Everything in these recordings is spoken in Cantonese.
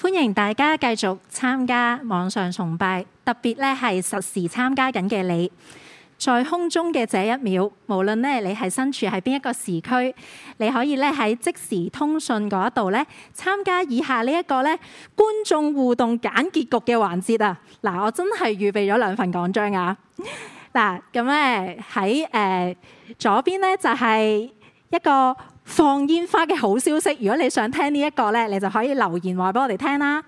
歡迎大家繼續參加網上崇拜，特別咧係實時參加緊嘅你，在空中嘅這一秒，無論咧你係身處喺邊一個時區，你可以咧喺即時通訊嗰度咧參加以下呢一個咧觀眾互動揀結局嘅環節啊！嗱，我真係預備咗兩份講章啊！嗱，咁咧喺誒左邊咧就係一個，放煙花嘅好消息，如果你想聽呢一個咧，你就可以留言話俾我哋聽啦。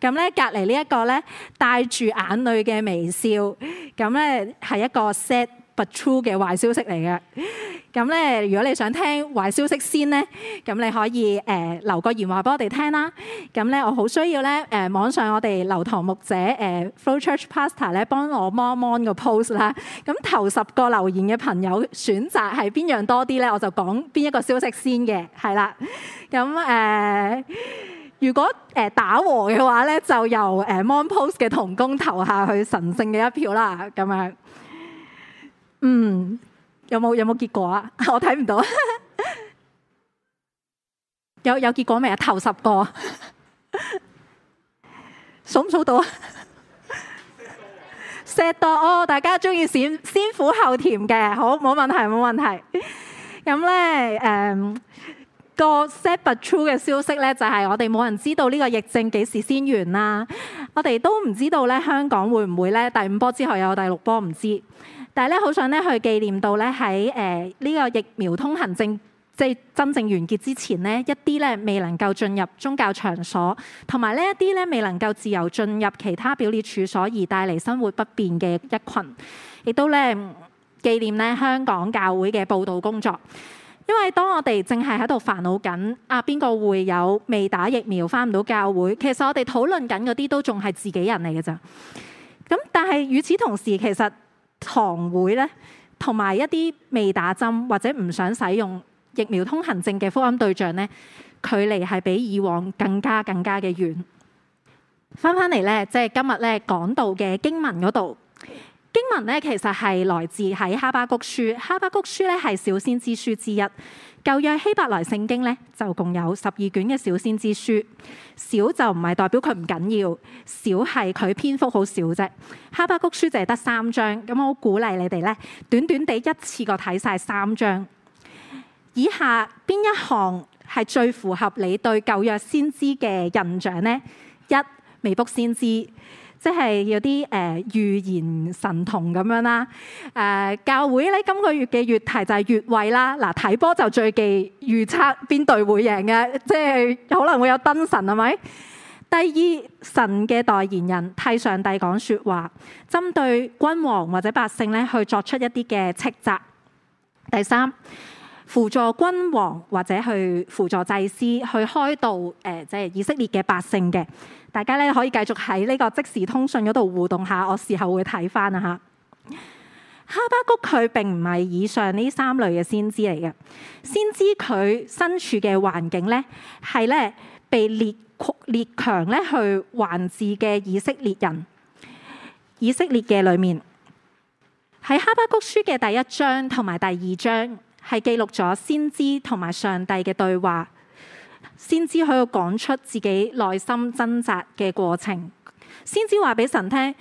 咁咧，隔籬呢一個咧，帶住眼淚嘅微笑，咁咧係一個 set。不 true 嘅壞消息嚟嘅，咁咧如果你想聽壞消息先呢，咁你可以誒、呃、留個言話俾我哋聽啦。咁咧我好需要咧誒、呃、網上我哋流堂牧者誒、呃、flow church pastor 咧幫我 mon 個 post 啦。咁頭十個留言嘅朋友選擇係邊樣多啲咧，我就講邊一個消息先嘅，係啦。咁誒、呃、如果誒、呃、打和嘅話咧，就由誒 mon、呃、post 嘅同工投下去神聖嘅一票啦，咁樣。呃嗯，有冇有冇結果啊？我睇唔到 有，有有結果未啊？頭十個 數唔數到啊？set 多哦，大家中意先先苦後甜嘅好，冇問題，冇問題。咁咧誒個 sad but true 嘅消息咧，就係、是、我哋冇人知道呢個疫症幾時先完啦、啊。我哋都唔知道咧，香港會唔會咧第五波之後有第六波唔知。但係咧，好想咧去紀念到咧喺誒呢個疫苗通行證即係真正完結之前呢，一啲咧未能夠進入宗教場所，同埋呢一啲咧未能夠自由進入其他表列處所而帶嚟生活不便嘅一群，亦都咧紀念咧香港教會嘅報道工作，因為當我哋淨係喺度煩惱緊啊邊個會有未打疫苗翻唔到教會，其實我哋討論緊嗰啲都仲係自己人嚟嘅咋。咁但係，與此同時，其實。堂會咧，同埋一啲未打針或者唔想使用疫苗通行證嘅福音對象咧，距離係比以往更加更加嘅遠。翻翻嚟咧，即係今日咧講到嘅經文嗰度。經文咧其實係來自喺哈巴谷書，哈巴谷書咧係小先知書之一。舊約希伯來聖經咧就共有十二卷嘅小先知書，小就唔係代表佢唔緊要，小係佢篇幅好少啫。哈巴谷書就係得三章，咁我好鼓勵你哋咧，短短地一次過睇晒三章。以下邊一行係最符合你對舊約先知嘅印象呢？一未卜先知。即係有啲誒預言神童咁樣啦，誒、呃、教會咧今個月嘅月題就係越位啦。嗱，睇波就最忌預測邊隊會贏嘅，即係可能會有燈神係咪？第二，神嘅代言人替上帝講說話，針對君王或者百姓咧去作出一啲嘅斥責。第三，輔助君王或者去輔助祭司去開導誒、呃，即係以色列嘅百姓嘅。大家咧可以繼續喺呢個即時通訊嗰度互動下，我事後會睇翻啊吓。哈巴谷佢並唔係以上呢三類嘅先知嚟嘅，先知佢身處嘅環境咧係咧被列列強咧去患治嘅以色列人，以色列嘅裏面，喺哈巴谷書嘅第一章同埋第二章係記錄咗先知同埋上帝嘅對話。先知可以講出自己內心掙扎嘅過程，先知話俾神聽，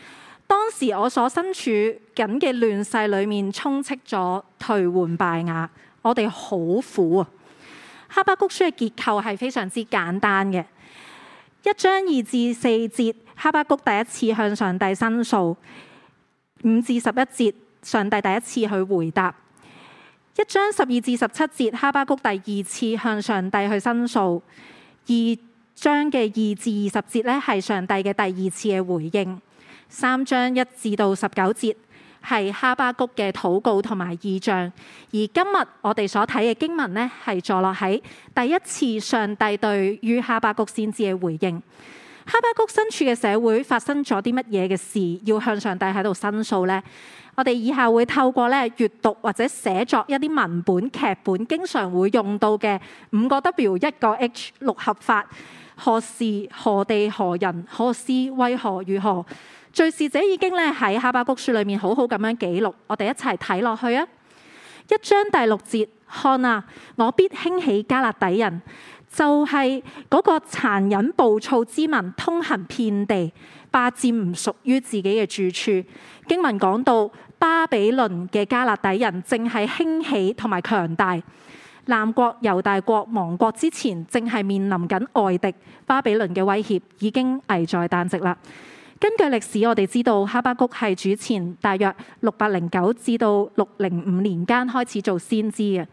當時我所身處緊嘅亂世裏面充斥咗頹垣敗瓦，我哋好苦啊！哈巴谷書嘅結構係非常之簡單嘅，一章二至四節，哈巴谷第一次向上帝申訴；五至十一節，上帝第一次去回答。一章十二至十七節，哈巴谷第二次向上帝去申訴；二章嘅二至二十節咧，係上帝嘅第二次嘅回應；三章一至到十九節係哈巴谷嘅禱告同埋異象。而今日我哋所睇嘅經文咧，係坐落喺第一次上帝對於哈巴谷先知嘅回應。哈巴谷身處嘅社會發生咗啲乜嘢嘅事，要向上帝喺度申訴呢？我哋以下會透過咧閱讀或者寫作一啲文本、劇本，經常會用到嘅五個 W、一個 H、六合法，何時、何地、何人、何事、為何、如何？敘事者已經咧喺哈巴谷書裏面好好咁樣記錄，我哋一齊睇落去啊！一章第六節，看啊，我必興起加勒底人。就係嗰個殘忍暴躁之民，通行遍地，霸佔唔屬於自己嘅住處。經文講到，巴比倫嘅加勒底人正係興起同埋強大，南國猶大國亡國之前正，正係面臨緊外敵巴比倫嘅威脅，已經危在旦夕啦。根據歷史，我哋知道哈巴谷係主前大約六百零九至到六零五年間開始做先知嘅。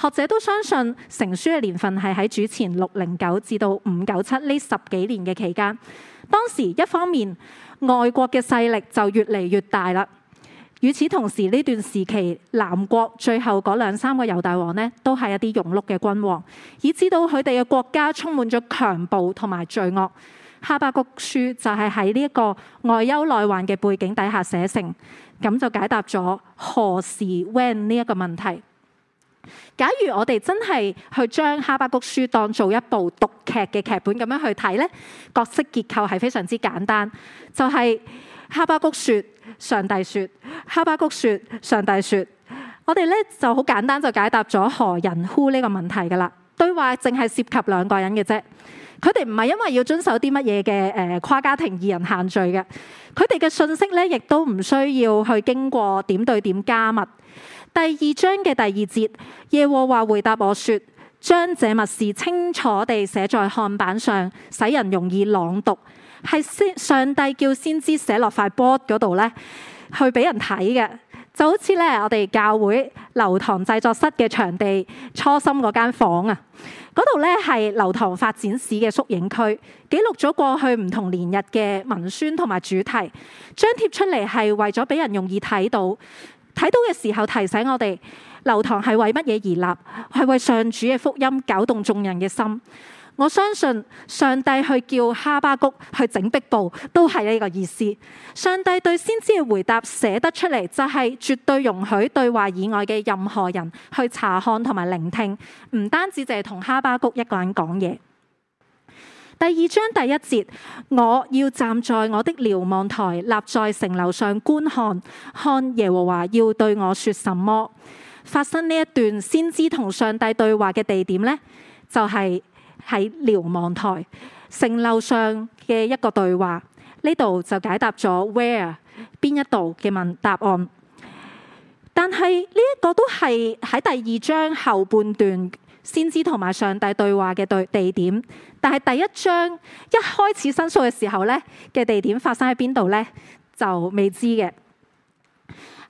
學者都相信成書嘅年份係喺主前六零九至到五九七呢十幾年嘅期間。當時一方面外國嘅勢力就越嚟越大啦。與此同時，呢段時期南國最後嗰兩三個猶大王呢，都係一啲庸碌嘅君王，以至到佢哋嘅國家充滿咗強暴同埋罪惡。《哈巴谷書》就係喺呢一個外憂內患嘅背景底下寫成，咁就解答咗何時 when 呢一個問題。假如我哋真係去將《哈巴谷書》當做一部讀劇嘅劇本咁樣去睇呢，角色結構係非常之簡單，就係、是《哈巴谷》說上帝說，《哈巴谷》說上帝說。我哋呢就好簡單就解答咗何人 who 呢個問題㗎啦。對話淨係涉及兩個人嘅啫。佢哋唔係因為要遵守啲乜嘢嘅誒跨家庭二人限聚嘅，佢哋嘅信息咧亦都唔需要去經過點對點加密。第二章嘅第二節，耶和華回答我說：將這密事清楚地寫在看板上，使人容易朗讀。係先上帝叫先知寫落塊 board 嗰度咧，去俾人睇嘅。就好似咧，我哋教會流堂製作室嘅場地初心嗰間房啊，嗰度咧係流堂發展史嘅縮影區，記錄咗過去唔同年日嘅文宣同埋主題，張貼出嚟係為咗俾人容易睇到，睇到嘅時候提醒我哋流堂係為乜嘢而立，係為上主嘅福音搞動眾人嘅心。我相信上帝去叫哈巴谷去整壁布，都係呢個意思。上帝對先知嘅回答寫得出嚟，就係絕對容許對話以外嘅任何人去查看同埋聆聽，唔單止淨係同哈巴谷一個人講嘢。第二章第一節，我要站在我的瞭望台，立在城樓上觀看，看耶和華要對我說什麼。發生呢一段先知同上帝對話嘅地點呢，就係、是。喺瞭望台城樓上嘅一個對話，呢度就解答咗 where 邊一度嘅問答案。但係呢一個都係喺第二章後半段先知同埋上帝對話嘅對地點，但係第一章一開始申訴嘅時候咧嘅地點發生喺邊度咧，就未知嘅。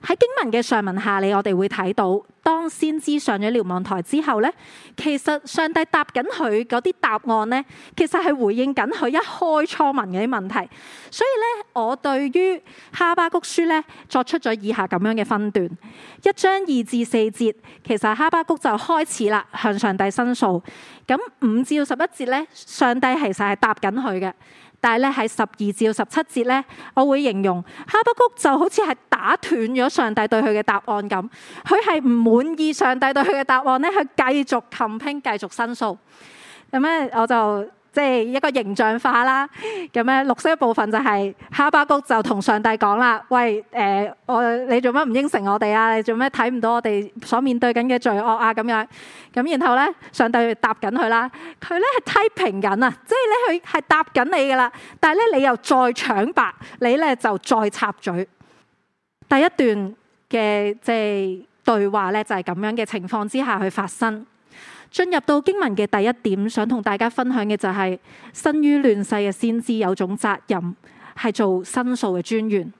喺經文嘅上文下理，你我哋會睇到，當先知上咗瞭望台之後呢，其實上帝答緊佢嗰啲答案呢，其實係回應緊佢一開初問嘅啲問題。所以呢，我對於哈巴谷書呢作出咗以下咁樣嘅分段：一章二至四節，其實哈巴谷就開始啦，向上帝申訴。咁五至十一節呢，上帝其實係答緊佢嘅。但係咧，喺十二至十七節咧，我會形容哈巴谷就好似係打斷咗上帝對佢嘅答案咁，佢係唔滿意上帝對佢嘅答案咧，佢繼續 complain，繼續申訴。咁咧，我就。即係一個形象化啦，咁咧綠色一部分就係哈巴谷就同上帝講啦：，喂，誒、呃、我你做乜唔應承我哋啊？你做乜睇唔到我哋所面對緊嘅罪惡啊？咁樣，咁然後咧上帝答緊佢啦，佢咧係批評緊啊，即係咧佢係答緊你㗎啦，但係咧你又再搶白，你咧就再插嘴。第一段嘅即係對話咧，就係、是、咁樣嘅情況之下去發生。進入到經文嘅第一點，想同大家分享嘅就係、是、生於亂世嘅先知有種責任，係做申訴嘅專員。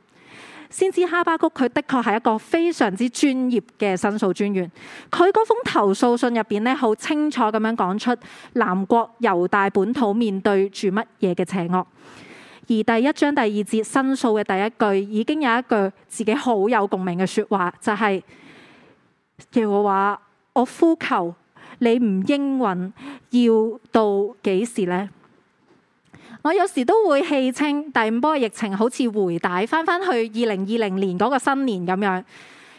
先知哈巴谷佢的確係一個非常之專業嘅申訴專員。佢嗰封投訴信入邊呢，好清楚咁樣講出南國猶大本土面對住乜嘢嘅邪惡。而第一章第二節申訴嘅第一句，已經有一句自己好有共鳴嘅説話，就係、是：，嘅話我，我呼求，你唔應允，要到幾時呢？我有時都會戲稱第五波疫情好似回帶翻返去二零二零年嗰個新年咁樣，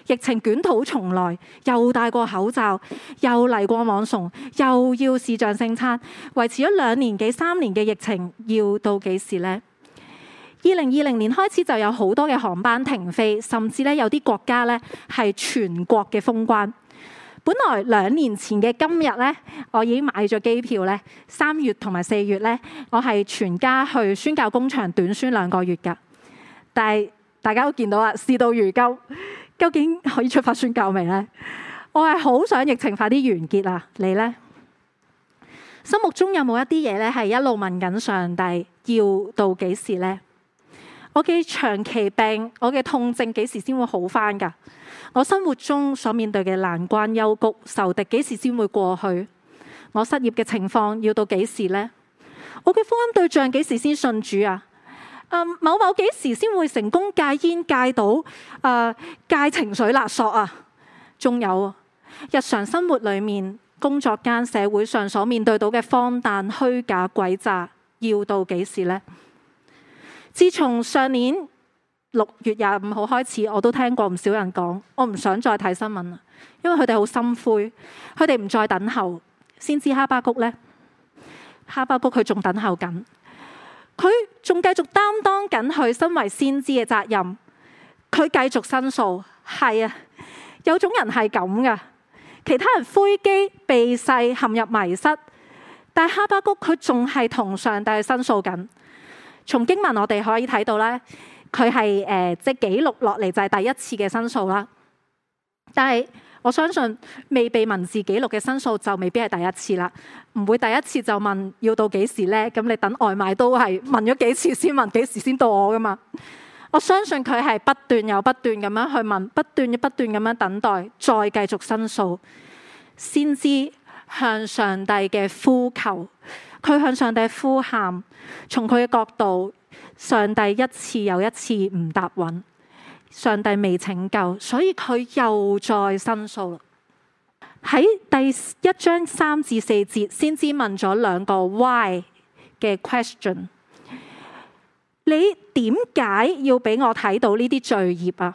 疫情捲土重來，又戴過口罩，又嚟過網崇，又要視像聖餐，維持咗兩年幾三年嘅疫情，要到幾時呢？二零二零年開始就有好多嘅航班停飛，甚至呢有啲國家呢係全國嘅封關。本來兩年前嘅今日呢，我已經買咗機票呢，三月同埋四月呢，我係全家去宣教工場短宣兩個月㗎。但係大家都見到啦，事到如今，究竟可以出發宣教未呢？我係好想疫情快啲完結啊！你呢？心目中有冇一啲嘢呢係一路問緊上帝，「要到幾時呢？」我嘅長期病，我嘅痛症幾時先會好返㗎？我生活中所面對嘅難關、幽谷、仇敵幾時先會過去？我失業嘅情況要到幾時呢？我嘅婚姻對象幾時先信主啊？嗯、某某幾時先會成功戒煙、戒賭、呃、戒情緒勒索啊？仲有日常生活裏面、工作間、社會上所面對到嘅荒誕、虛假、詭詐，要到幾時呢？自從上年六月廿五號開始，我都聽過唔少人講，我唔想再睇新聞啦，因為佢哋好心灰，佢哋唔再等候先知哈巴谷呢？哈巴谷佢仲等候緊，佢仲繼續擔當緊佢身為先知嘅責任，佢繼續申訴。係啊，有種人係咁噶，其他人灰機避世陷入迷失，但係哈巴谷佢仲係同上帝申訴緊。從經文我哋可以睇到咧，佢係誒，即係記錄落嚟就係第一次嘅申訴啦。但係我相信未被文字記錄嘅申訴就未必係第一次啦。唔會第一次就問要到幾時呢？咁你等外賣都係問咗幾次先問幾時先到我噶嘛？我相信佢係不斷又不斷咁樣去問，不斷又不斷咁樣等待，再繼續申訴，先知向上帝嘅呼求。佢向上帝呼喊，從佢嘅角度，上帝一次又一次唔答允，上帝未拯救，所以佢又再申訴啦。喺第一章三至四節，先知問咗兩個 Why 嘅 question。你點解要俾我睇到呢啲罪孽啊？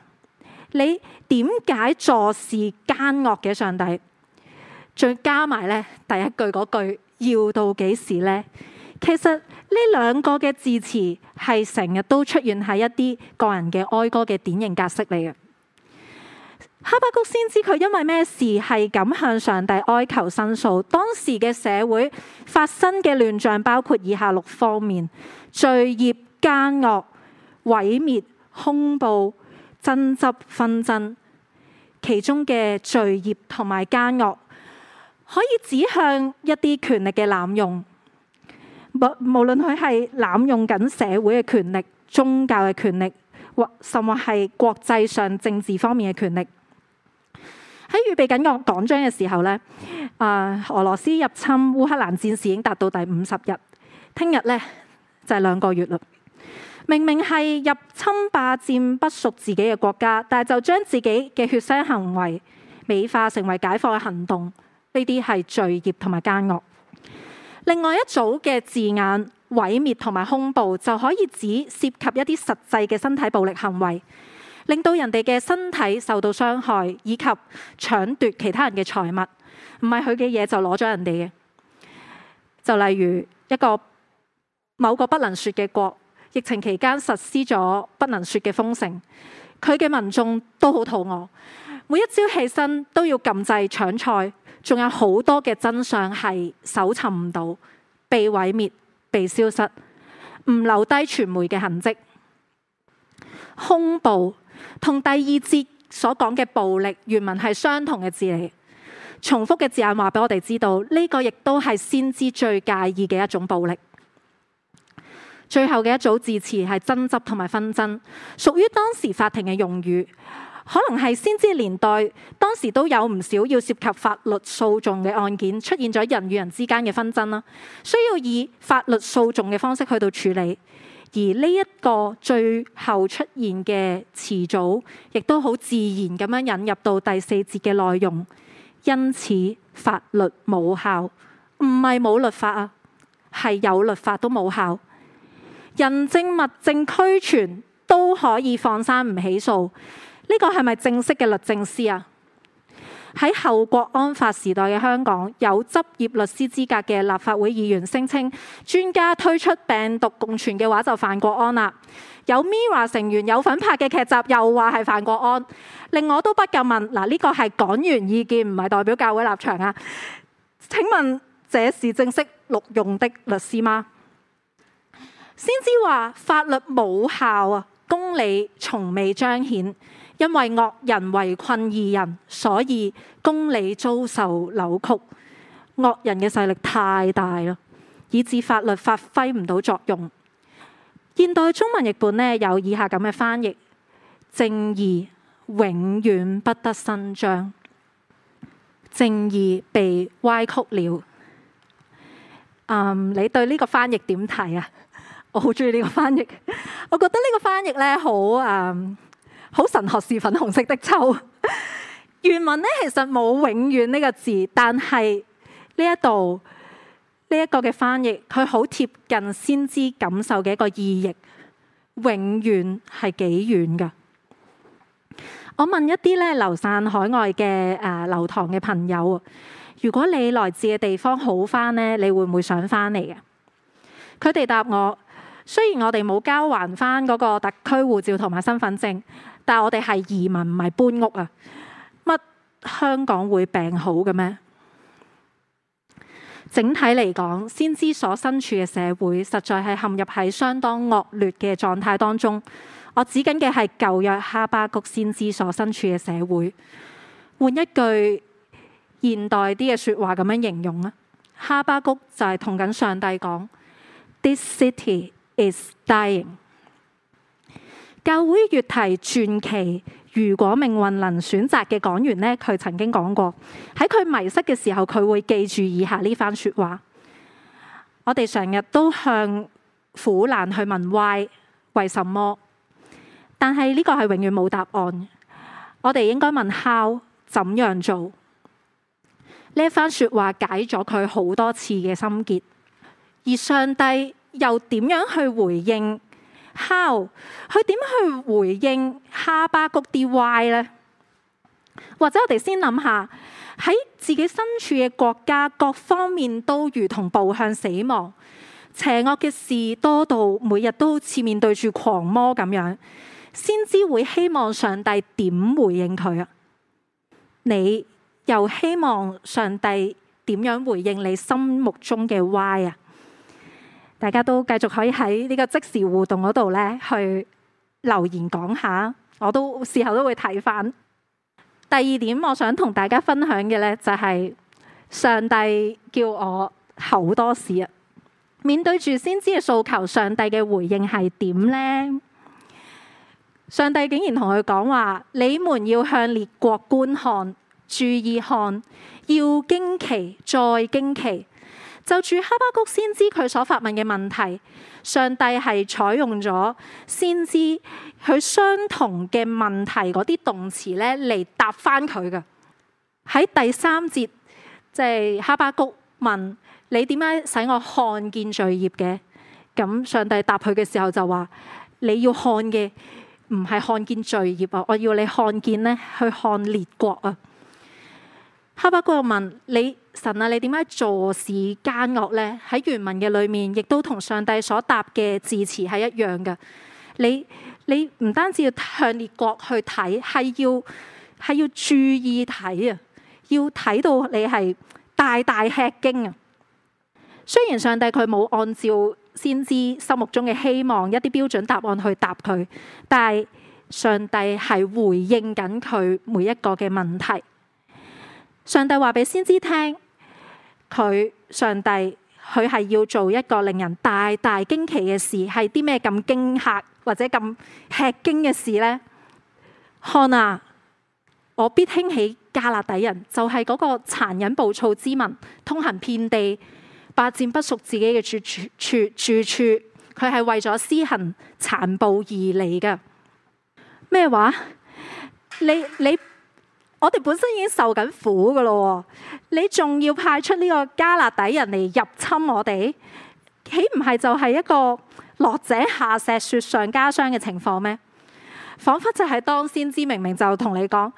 你點解坐視奸惡嘅上帝？再加埋咧，第一句嗰句。要到幾時呢？其實呢兩個嘅字詞係成日都出現喺一啲個人嘅哀歌嘅典型格式嚟嘅。哈巴谷先知佢因為咩事係咁向上帝哀求申訴？當時嘅社會發生嘅亂象包括以下六方面：罪孽、奸惡、毀滅、恐怖、爭執、紛爭、紛爭。其中嘅罪孽同埋奸惡。可以指向一啲權力嘅濫用，無無論佢係濫用緊社會嘅權力、宗教嘅權力，或甚或係國際上政治方面嘅權力。喺預備緊個講章嘅時候咧，啊、呃，俄羅斯入侵烏克蘭戰事已經達到第五十日，聽日咧就係、是、兩個月啦。明明係入侵霸佔不屬自己嘅國家，但係就將自己嘅血腥行為美化成為解放嘅行動。呢啲係罪孽同埋奸惡。另外一組嘅字眼，毀滅同埋凶暴，就可以指涉及一啲實際嘅身體暴力行為，令到人哋嘅身體受到傷害，以及搶奪其他人嘅財物，唔係佢嘅嘢就攞咗人哋嘅。就例如一個某個不能説嘅國，疫情期間實施咗不能説嘅封城，佢嘅民眾都好肚餓，每一朝起身都要禁制搶菜。仲有好多嘅真相係搜尋唔到、被毀滅、被消失、唔留低傳媒嘅痕跡。兇暴同第二節所講嘅暴力原文係相同嘅字嚟，重複嘅字眼話俾我哋知道呢個亦都係先知最介意嘅一種暴力。最後嘅一組字詞係爭執同埋紛爭，屬於當時法庭嘅用語。可能係先知年代，當時都有唔少要涉及法律訴訟嘅案件，出現咗人與人之間嘅紛爭啦，需要以法律訴訟嘅方式去到處理。而呢一個最後出現嘅詞組，亦都好自然咁樣引入到第四節嘅內容。因此法律冇效，唔係冇律法啊，係有律法都冇效，人證物證俱全都可以放生唔起訴。呢個係咪正式嘅律政司啊？喺後國安法時代嘅香港，有執業律師資格嘅立法會議員聲稱專家推出病毒共存嘅話就犯國安啦。有 MiRa 成員有份拍嘅劇集又話係犯國安，令我都不禁問嗱，呢、這個係講員意見唔係代表教會立場啊？請問這是正式錄用的律師嗎？先知話法律冇效啊，公理從未彰顯。因為惡人圍困義人，所以公理遭受扭曲。惡人嘅勢力太大啦，以致法律發揮唔到作用。現代中文譯本呢有以下咁嘅翻譯：正義永遠不得伸張，正義被歪曲了。嗯，你對呢個翻譯點睇啊？我好中意呢個翻譯，我覺得呢個翻譯呢好啊。嗯好神學是粉紅色的秋。 原文咧其實冇永遠呢個字，但係呢一度呢一個嘅翻譯，佢好貼近先知感受嘅一個意譯。永遠係幾遠噶？我問一啲咧流散海外嘅誒流堂嘅朋友，如果你來自嘅地方好翻呢，你會唔會想翻嚟嘅？佢哋答我：雖然我哋冇交還翻嗰個特區護照同埋身份證。但我哋係移民唔係搬屋啊！乜香港會病好嘅咩？整體嚟講，先知所身處嘅社會實在係陷入喺相當惡劣嘅狀態當中。我指緊嘅係舊約哈巴谷先知所身處嘅社會。換一句現代啲嘅說話咁樣形容啊，哈巴谷就係同緊上帝講：This city is dying。教會月題傳奇，如果命運能選擇嘅講員，呢佢曾經講過：喺佢迷失嘅時候，佢會記住以下呢番說話。我哋成日都向苦難去問 Why，為什麼？但係呢個係永遠冇答案。我哋應該問 How，怎樣做？呢一番說話解咗佢好多次嘅心結，而上帝又點樣去回應？How 佢點去回應哈巴谷啲 Why 呢？或者我哋先諗下，喺自己身處嘅國家，各方面都如同步向死亡，邪惡嘅事多到每日都好似面對住狂魔咁樣，先知會希望上帝點回應佢啊？你又希望上帝點樣回應你心目中嘅 Why 啊？大家都繼續可以喺呢個即時互動嗰度呢去留言講下，我都事後都會睇翻。第二點，我想同大家分享嘅呢，就係上帝叫我好多事啊！面對住先知嘅訴求，上帝嘅回應係點呢？上帝竟然同佢講話：你們要向列國觀看，注意看，要驚奇，再驚奇。就住哈巴谷先知佢所發問嘅問題，上帝係採用咗先知佢相同嘅問題嗰啲動詞咧嚟答翻佢噶。喺第三節，即係哈巴谷問，你點解使我看見罪孽嘅？咁上帝答佢嘅時候就話：你要看嘅唔係看見罪孽啊，我要你看見呢，去看列國啊。哈巴谷又問你。神啊，你點解坐視奸惡呢？喺原文嘅裏面，亦都同上帝所答嘅字詞係一樣嘅。你你唔單止要向列國去睇，係要係要注意睇啊，要睇到你係大大吃驚啊！雖然上帝佢冇按照先知心目中嘅希望一啲標準答案去答佢，但係上帝係回應緊佢每一個嘅問題。上帝話俾先知聽。佢上帝佢係要做一個令人大大驚奇嘅事，係啲咩咁驚吓或者咁吃驚嘅事咧？看啊，我必興起加勒底人，就係嗰個殘忍暴躁之民，通行遍地，霸占不屬自己嘅住處住住處，佢係為咗施行殘暴而嚟嘅。咩話？你你。我哋本身已經受緊苦嘅咯，你仲要派出呢個加勒底人嚟入侵我哋，豈唔係就係一個落井下石、雪上加霜嘅情況咩？彷彿就係當先知明明就同你講，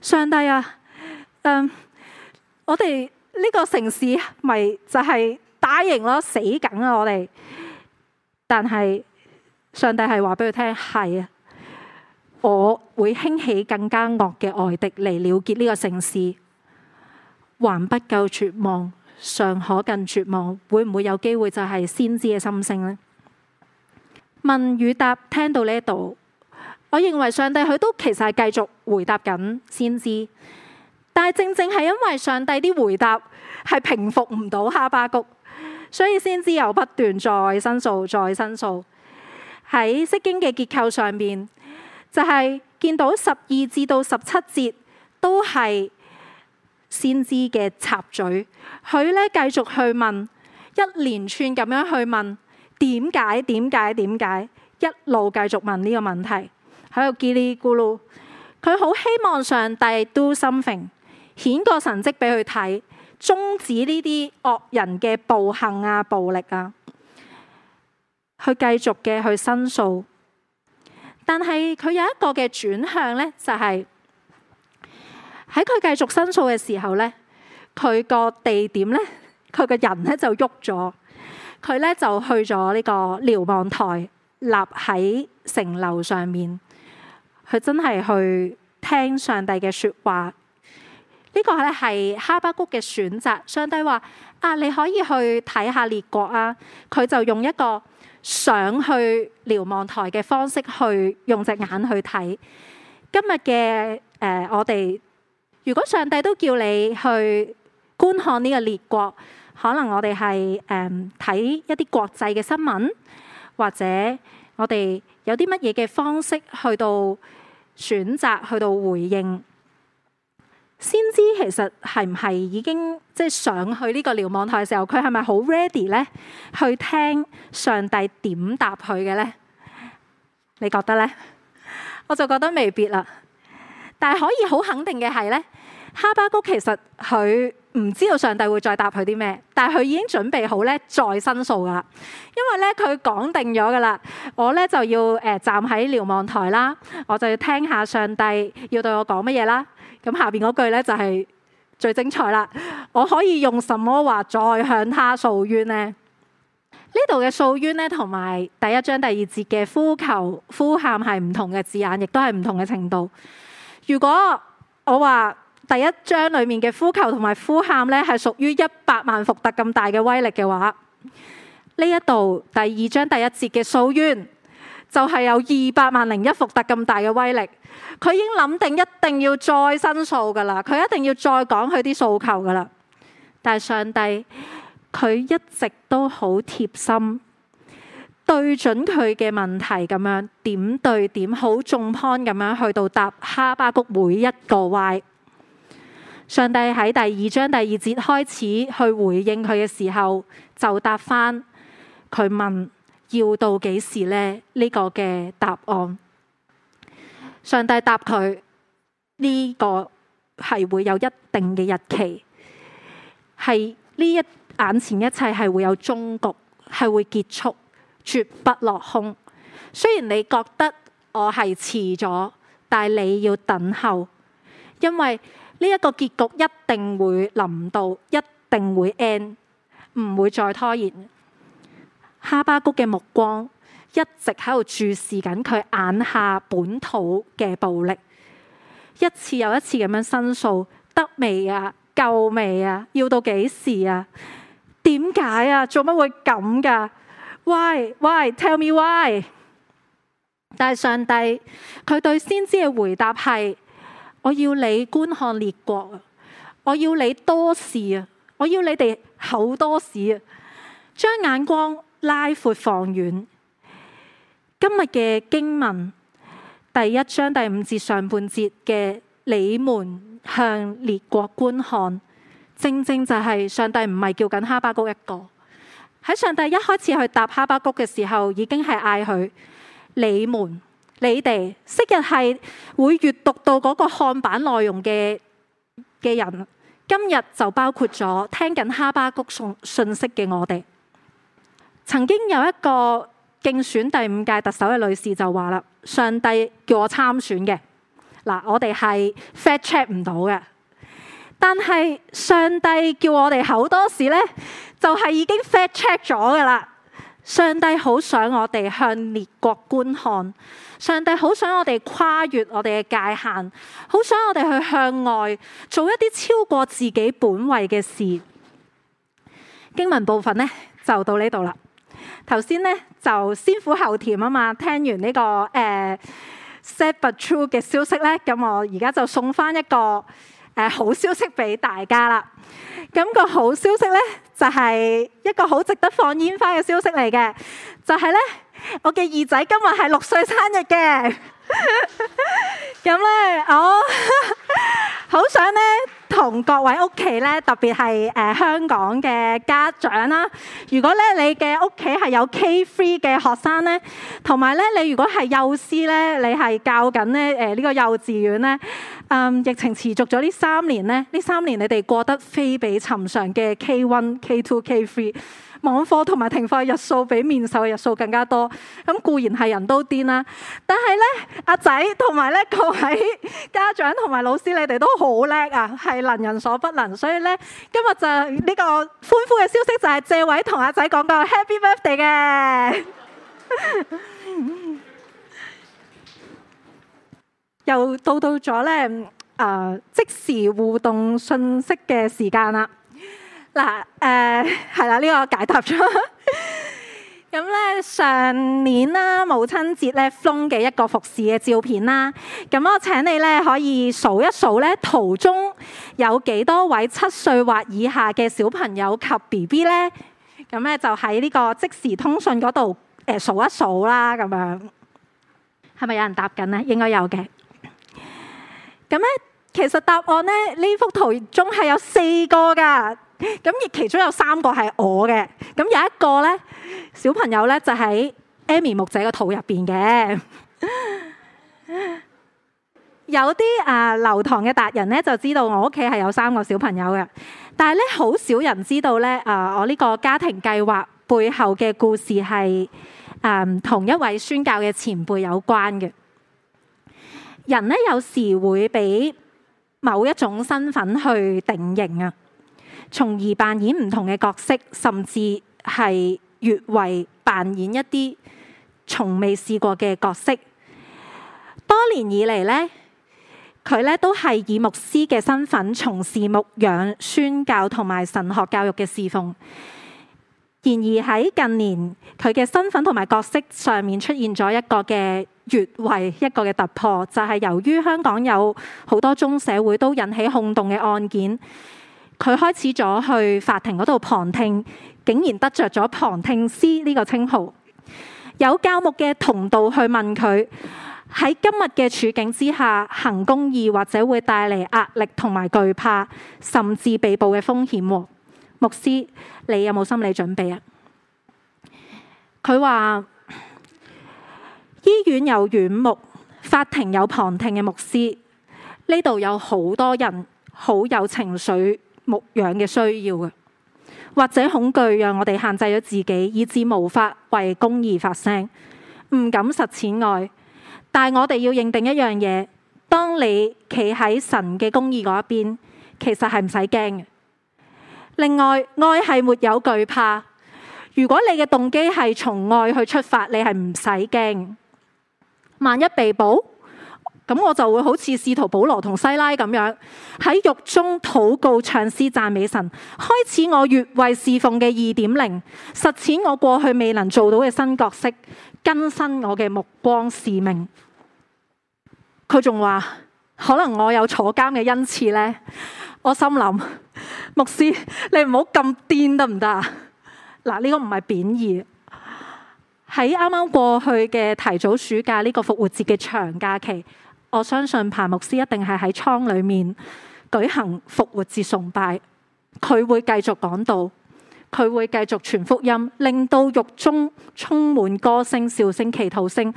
上帝啊，嗯，我哋呢個城市咪就係、是、打贏咯，死梗啊我哋，但係上帝係話俾佢聽，係啊。我會興起更加惡嘅外敵嚟了結呢個城市，還不夠絕望，尚可更絕望。會唔會有機會就係先知嘅心聲呢？問與答，聽到呢一度，我認為上帝佢都其實係繼續回答緊先知，但係正正係因為上帝啲回答係平復唔到哈巴谷，所以先知又不斷再申訴、再申訴。喺《釋經》嘅結構上面，就係見到十二至到十七節都係先知嘅插嘴，佢咧繼續去問一連串咁樣去問點解點解點解，一路繼續問呢個問題喺度嘰哩咕嚕，佢好希望上帝 do something 顯個神蹟俾佢睇，終止呢啲惡人嘅暴行啊、暴力啊，去繼續嘅去申訴。但係佢有一個嘅轉向呢，就係喺佢繼續申訴嘅時候呢，佢個地點呢，佢個人呢就喐咗，佢呢就去咗呢個瞭望台，立喺城樓上面，佢真係去聽上帝嘅説話。呢、呢個係係哈巴谷嘅選擇。上帝話：啊，你可以去睇下列國啊。佢就用一個。想去瞭望台嘅方式去用隻眼去睇今日嘅，誒、呃，我哋如果上帝都叫你去觀看呢個列國，可能我哋係誒睇一啲國際嘅新聞，或者我哋有啲乜嘢嘅方式去到選擇去到回應。先知其實係唔係已經即係、就是、上去呢個瞭望台嘅時候，佢係咪好 ready 咧？去聽上帝點答佢嘅咧？你覺得咧？我就覺得未必啦。但係可以好肯定嘅係咧，哈巴谷其實佢唔知道上帝會再答佢啲咩，但係佢已經準備好咧再申訴㗎。因為咧佢講定咗噶啦，我咧就要誒、呃、站喺瞭望台啦，我就要聽下上帝要對我講乜嘢啦。咁下面嗰句呢，就係最精彩啦！我可以用什麼話再向他訴冤呢？呢度嘅訴冤呢，同埋第一章第二節嘅呼求、呼喊係唔同嘅字眼，亦都係唔同嘅程度。如果我話第一章裏面嘅呼求同埋呼喊呢，係屬於一百萬伏特咁大嘅威力嘅話，呢一度第二章第一節嘅訴冤。就係有二百萬零一伏特咁大嘅威力，佢已經諗定一定要再申訴㗎喇，佢一定要再講佢啲訴求㗎喇。但係上帝佢一直都好貼心，對準佢嘅問題咁樣點對點好重 point 咁樣去到答哈巴谷每一個 why。上帝喺第二章第二節開始去回應佢嘅時候，就答返佢問。要到幾時呢？呢、呢個嘅答案，上帝答佢呢、呢個係會有一定嘅日期，係呢一眼前一切係會有終局，係會結束，絕不落空。雖然你覺得我係遲咗，但係你要等候，因為呢一個結局一定會臨到，一定會 end，唔會再拖延。哈巴谷嘅目光一直喺度注視緊佢眼下本土嘅暴力，一次又一次咁樣申訴得未啊？夠未啊？要到幾時啊？點解啊？做乜會咁噶喂喂 Tell me why？但係上帝佢對先知嘅回答係：我要你觀看列國啊！我要你多事啊！我要你哋好多事啊！將眼光。拉闊放遠，今日嘅經文第一章第五節上半節嘅你們向列國觀看，正正就係上帝唔係叫緊哈巴谷一個。喺上帝一開始去答哈巴谷嘅時候，已經係嗌佢你們、你哋，昔日係會閱讀到嗰個看板內容嘅嘅人，今日就包括咗聽緊哈巴谷信信息嘅我哋。曾經有一個競選第五屆特首嘅女士就話啦：上帝叫我參選嘅，嗱，我哋係 fact check 唔到嘅。但係上帝叫我哋好多時咧，就係已經 fact check 咗㗎啦。上帝好想我哋向列國觀看，上帝好想我哋跨越我哋嘅界限，好想我哋去向外做一啲超過自己本位嘅事。經文部分呢，就到呢度啦。頭先咧就先苦後甜啊嘛，聽完呢、這個誒、呃、sad but true 嘅消息咧，咁我而家就送翻一個誒、呃、好消息俾大家啦。咁、那個好消息咧就係、是、一個好值得放煙花嘅消息嚟嘅，就係、是、咧我嘅二仔今日係六歲生日嘅，咁 咧我好 想咧。同各位屋企咧，特別係誒、呃、香港嘅家長啦。如果咧你嘅屋企係有 K3 嘅學生咧，同埋咧你如果係幼師咧，你係教緊咧誒呢個幼稚園咧。嗯，疫情持續咗呢三年咧，呢三年你哋過得非比尋常嘅 K1、K2、K3。網課同埋停課日數比面授嘅日數更加多，咁固然係人都癲啦。但係咧，阿仔同埋咧各位家長同埋老師，你哋都好叻啊，係能人所不能。所以咧，今日就呢個歡呼嘅消息就係借位同阿仔講個 Happy Birthday 嘅。 又到到咗咧啊！即時互動訊息嘅時間啦。嗱，誒係啦，呢、嗯這個解答咗咁咧。上年啦，母親節咧，flow 嘅一個服侍嘅照片啦。咁、啊嗯、我請你咧可以數一數咧，圖中有幾多位七歲或以下嘅小朋友及 B B 咧？咁、嗯、咧就喺呢個即時通訊嗰度誒數一數啦。咁、啊、樣係咪有人答緊咧？應該有嘅。咁、嗯、咧，其實答案咧呢幅圖中係有四個㗎。咁亦其中有三個係我嘅，咁有一個咧小朋友咧就喺 Amy 木仔嘅肚入邊嘅。 有啲啊、呃、留堂嘅達人咧就知道我屋企係有三個小朋友嘅，但係咧好少人知道咧啊、呃！我呢個家庭計劃背後嘅故事係啊、呃、同一位宣教嘅前輩有關嘅。人咧有時會俾某一種身份去定型啊。從而扮演唔同嘅角色，甚至係越位扮演一啲從未試過嘅角色。多年以嚟呢佢呢都係以牧師嘅身份從事牧養、宣教同埋神學教育嘅侍奉。然而喺近年，佢嘅身份同埋角色上面出現咗一個嘅越位，一個嘅突破，就係、是、由於香港有好多宗社會都引起轟動嘅案件。佢開始咗去法庭嗰度旁聽，竟然得着咗旁聽師呢個稱號。有教牧嘅同道去問佢喺今日嘅處境之下行公義，或者會帶嚟壓力同埋懼怕，甚至被捕嘅風險。牧師，你有冇心理準備啊？佢話：醫院有院牧，法庭有旁聽嘅牧師，呢度有好多人，好有情緒。牧養嘅需要嘅，或者恐懼讓我哋限制咗自己，以致無法為公義發聲，唔敢實踐愛。但係我哋要認定一樣嘢：當你企喺神嘅公義嗰一邊，其實係唔使驚嘅。另外，愛係沒有懼怕。如果你嘅動機係從愛去出發，你係唔使驚。萬一被捕？咁我就會好似使徒保羅同西拉咁樣喺獄中禱告唱詩讚美神。開始我越位侍奉嘅二點零，實踐我過去未能做到嘅新角色，更新我嘅目光使命。佢仲話：可能我有坐監嘅恩賜呢？我心諗，牧師你唔好咁癲得唔得啊？嗱，呢、這個唔係貶義。喺啱啱過去嘅提早暑假呢、這個復活節嘅長假期。我相信彭牧師一定係喺倉裏面舉行復活節崇拜，佢會繼續講道，佢會繼續傳福音，令到獄中充滿歌聲、笑聲、祈禱聲，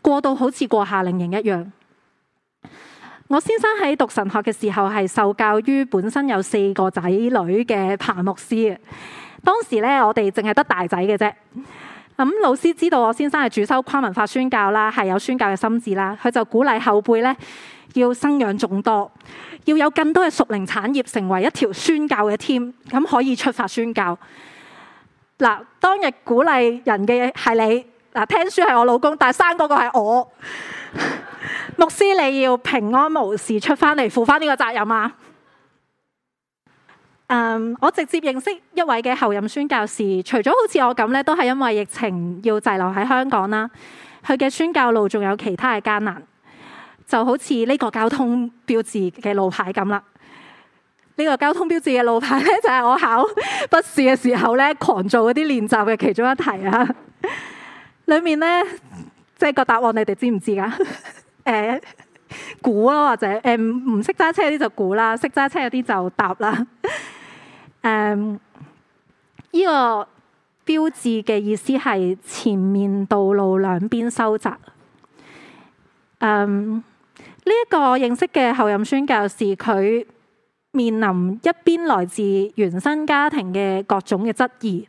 過到好似過夏令營一樣。我先生喺讀神學嘅時候係受教於本身有四個仔女嘅彭牧師啊，當時咧我哋淨係得大仔嘅啫。咁老師知道我先生係主修跨文化宣教啦，係有宣教嘅心志啦，佢就鼓勵後輩咧要生養眾多，要有更多嘅屬靈產業成為一條宣教嘅 team，咁可以出發宣教。嗱，當日鼓勵人嘅係你，嗱聽書係我老公，但係生嗰個係我 牧師，你要平安無事出翻嚟，負翻呢個責任啊！嗯，um, 我直接認識一位嘅後任宣教士，除咗好似我咁咧，都係因為疫情要滯留喺香港啦。佢嘅宣教路仲有其他嘅艱難，就好似呢個交通標誌嘅路牌咁啦。呢個交通標誌嘅路牌咧，就係我考筆試嘅時候咧，狂做嗰啲練習嘅其中一題啊。裡面咧，即係個答案你哋知唔知㗎？ 誒，估咯，或者誒唔唔識揸車嗰啲就估啦，識揸車嗰啲就答啦。誒，依、um, 個標誌嘅意思係前面道路兩邊收窄。誒，呢一個認識嘅候任宣教士，佢面臨一邊來自原生家庭嘅各種嘅質疑。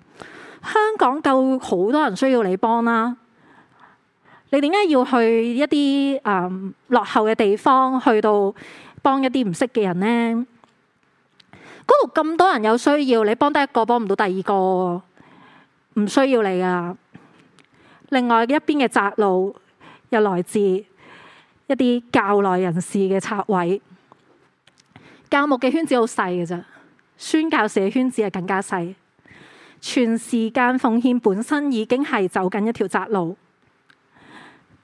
香港夠好多人需要你幫啦，你點解要去一啲誒、um, 落後嘅地方去到幫一啲唔識嘅人呢？」嗰度咁多人有需要，你幫得一個，幫唔到第二個，唔需要你啊！另外一邊嘅窄路又來自一啲教內人士嘅拆位，教牧嘅圈子好細嘅啫，宣教社嘅圈子係更加細。全時間奉獻本身已經係走緊一條窄路，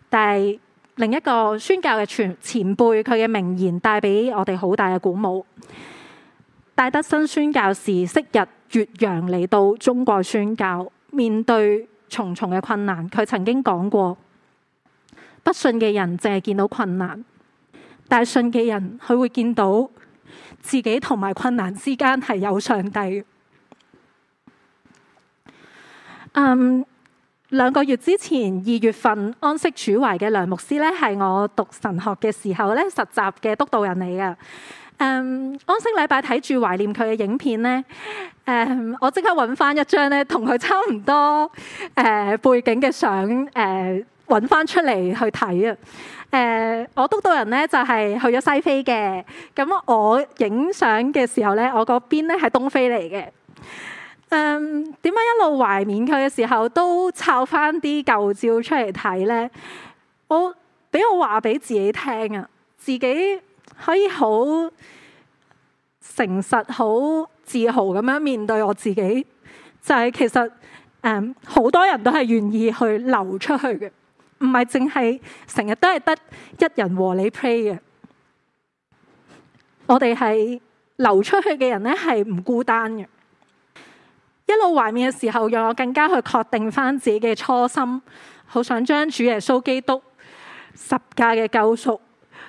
但係另一個宣教嘅前前輩佢嘅名言帶俾我哋好大嘅鼓舞。戴德新宣教士昔日越洋嚟到中國宣教，面對重重嘅困難，佢曾經講過：不信嘅人淨係見到困難，但係信嘅人，佢會見到自己同埋困難之間係有上帝。嗯，兩個月之前，二月份安息主懷嘅梁牧師咧，係我讀神學嘅時候咧實習嘅督導人嚟嘅。誒、um, 安星禮拜睇住懷念佢嘅影片咧，誒、um, 我即刻揾翻一張咧，同佢差唔多誒、呃、背景嘅相，誒揾翻出嚟去睇啊！誒、呃、我督到人咧就係、是、去咗西非嘅，咁我影相嘅時候咧，我嗰邊咧係東非嚟嘅。誒，點解一路懷念佢嘅時候都摷翻啲舊照出嚟睇咧？我俾我話俾自己聽啊，自己。可以好誠實、好自豪咁樣面對我自己，就係、是、其實誒好、嗯、多人都係願意去流出去嘅，唔係淨係成日都係得一人和你 pray 嘅。我哋係流出去嘅人呢，係唔孤單嘅。一路懷緬嘅時候，讓我更加去確定翻自己嘅初心，好想將主耶穌基督十架嘅救贖，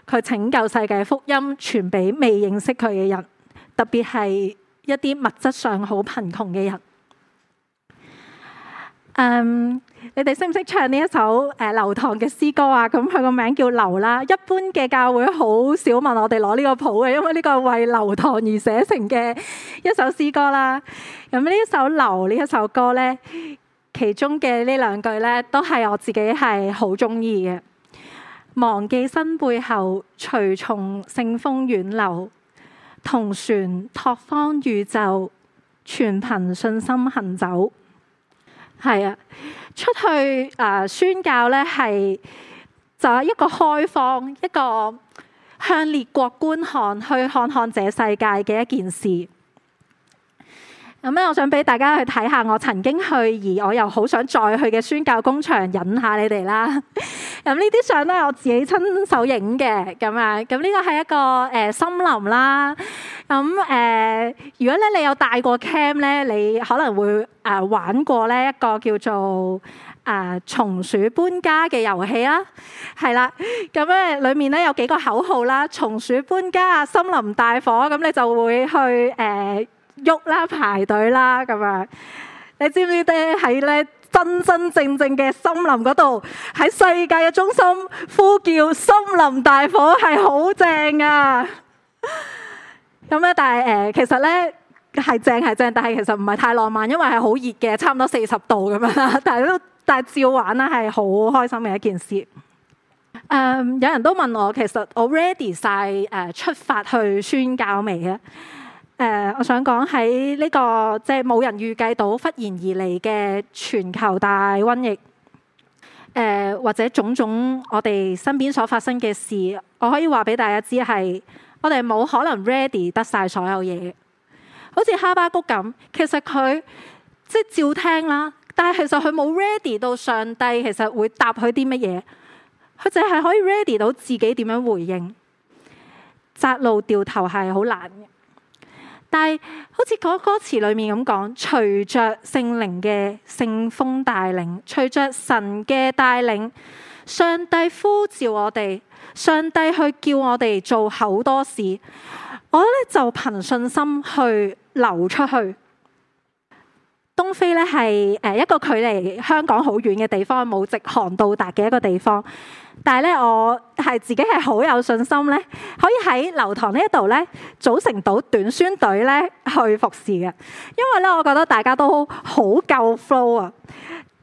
佢拯救世界福音傳俾未認識佢嘅人，特別係一啲物質上好貧窮嘅人、um, 懂懂呃啊。嗯，你哋識唔識唱呢一首誒流堂嘅詩歌啊？咁佢個名叫流啦。一般嘅教會好少問我哋攞呢個譜嘅，因為呢個為流堂而寫成嘅一首詩歌啦。咁呢一首流呢一首歌咧，其中嘅呢兩句咧，都係我自己係好中意嘅。忘記身背後，隨從聖風遠流，同船拓荒宇宙，全憑信心行走。係啊，出去啊、呃、宣教咧，係就係、係、一個開放，一個向列國觀看，去看看這世界嘅一件事。咁咧，我想俾大家去睇下我曾經去，而我又好想再去嘅宣教工場，引下你哋啦。咁呢啲相咧，我自己親手影嘅咁樣。咁呢個係一個誒森林啦。咁誒，如果咧你有帶過 camp 咧，你可能會誒玩過咧一個叫做誒松鼠搬家嘅遊戲啦。係啦，咁咧裡面咧有幾個口號啦，松鼠搬家、森林大火，咁你就會去誒。喐啦，排隊啦，咁樣。你知唔知咧？喺咧真真正正嘅森林嗰度，喺世界嘅中心呼叫森林大火，係好正啊！咁咧，但係誒、呃，其實咧係正係正，但係其實唔係太浪漫，因為係好熱嘅，差唔多四十度咁樣啦。但係都但係照玩啦，係好開心嘅一件事。誒、嗯，有人都問我，其實我 ready 晒誒、呃、出發去宣教未啊？誒、呃，我想講喺呢個即係冇人預計到忽然而嚟嘅全球大瘟疫，誒、呃、或者種種我哋身邊所發生嘅事，我可以話俾大家知係，我哋冇可能 ready 得晒所有嘢。好似哈巴谷咁，其實佢即係照聽啦，但係其實佢冇 ready 到上帝其實會答佢啲乜嘢，佢淨係可以 ready 到自己點樣回應。窄路掉頭係好難嘅。但係，好似歌詞裏面咁講，隨着聖靈嘅聖風帶領，隨着神嘅帶領，上帝呼召我哋，上帝去叫我哋做厚多士，我咧就憑信心去流出去。東非咧係誒一個距離香港好遠嘅地方，冇直航到達嘅一個地方。但係咧，我係自己係好有信心咧，可以喺流堂呢一度咧組成到短宣隊咧去服侍嘅。因為咧，我覺得大家都好夠 flow 啊。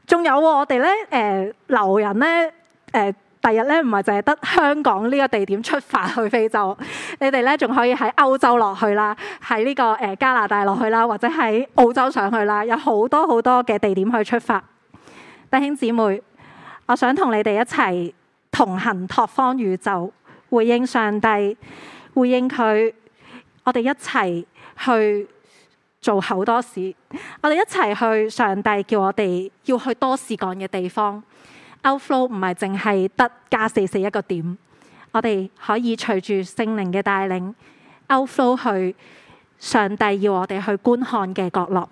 仲有我哋咧誒留人咧誒。呃第日咧，唔係淨係得香港呢個地點出發去非洲，你哋咧仲可以喺歐洲落去啦，喺呢個誒加拿大落去啦，或者喺澳洲上去啦，有好多好多嘅地點去出發。弟兄姊妹，我想同你哋一齊同行拓荒宇宙，回應上帝，回應佢，我哋一齊去做厚多士，我哋一齊去上帝叫我哋要去多事干嘅地方。Outflow 唔係淨係得加四四一個點，我哋可以隨住聖靈嘅帶領，Outflow 去上帝要我哋去觀看嘅角落。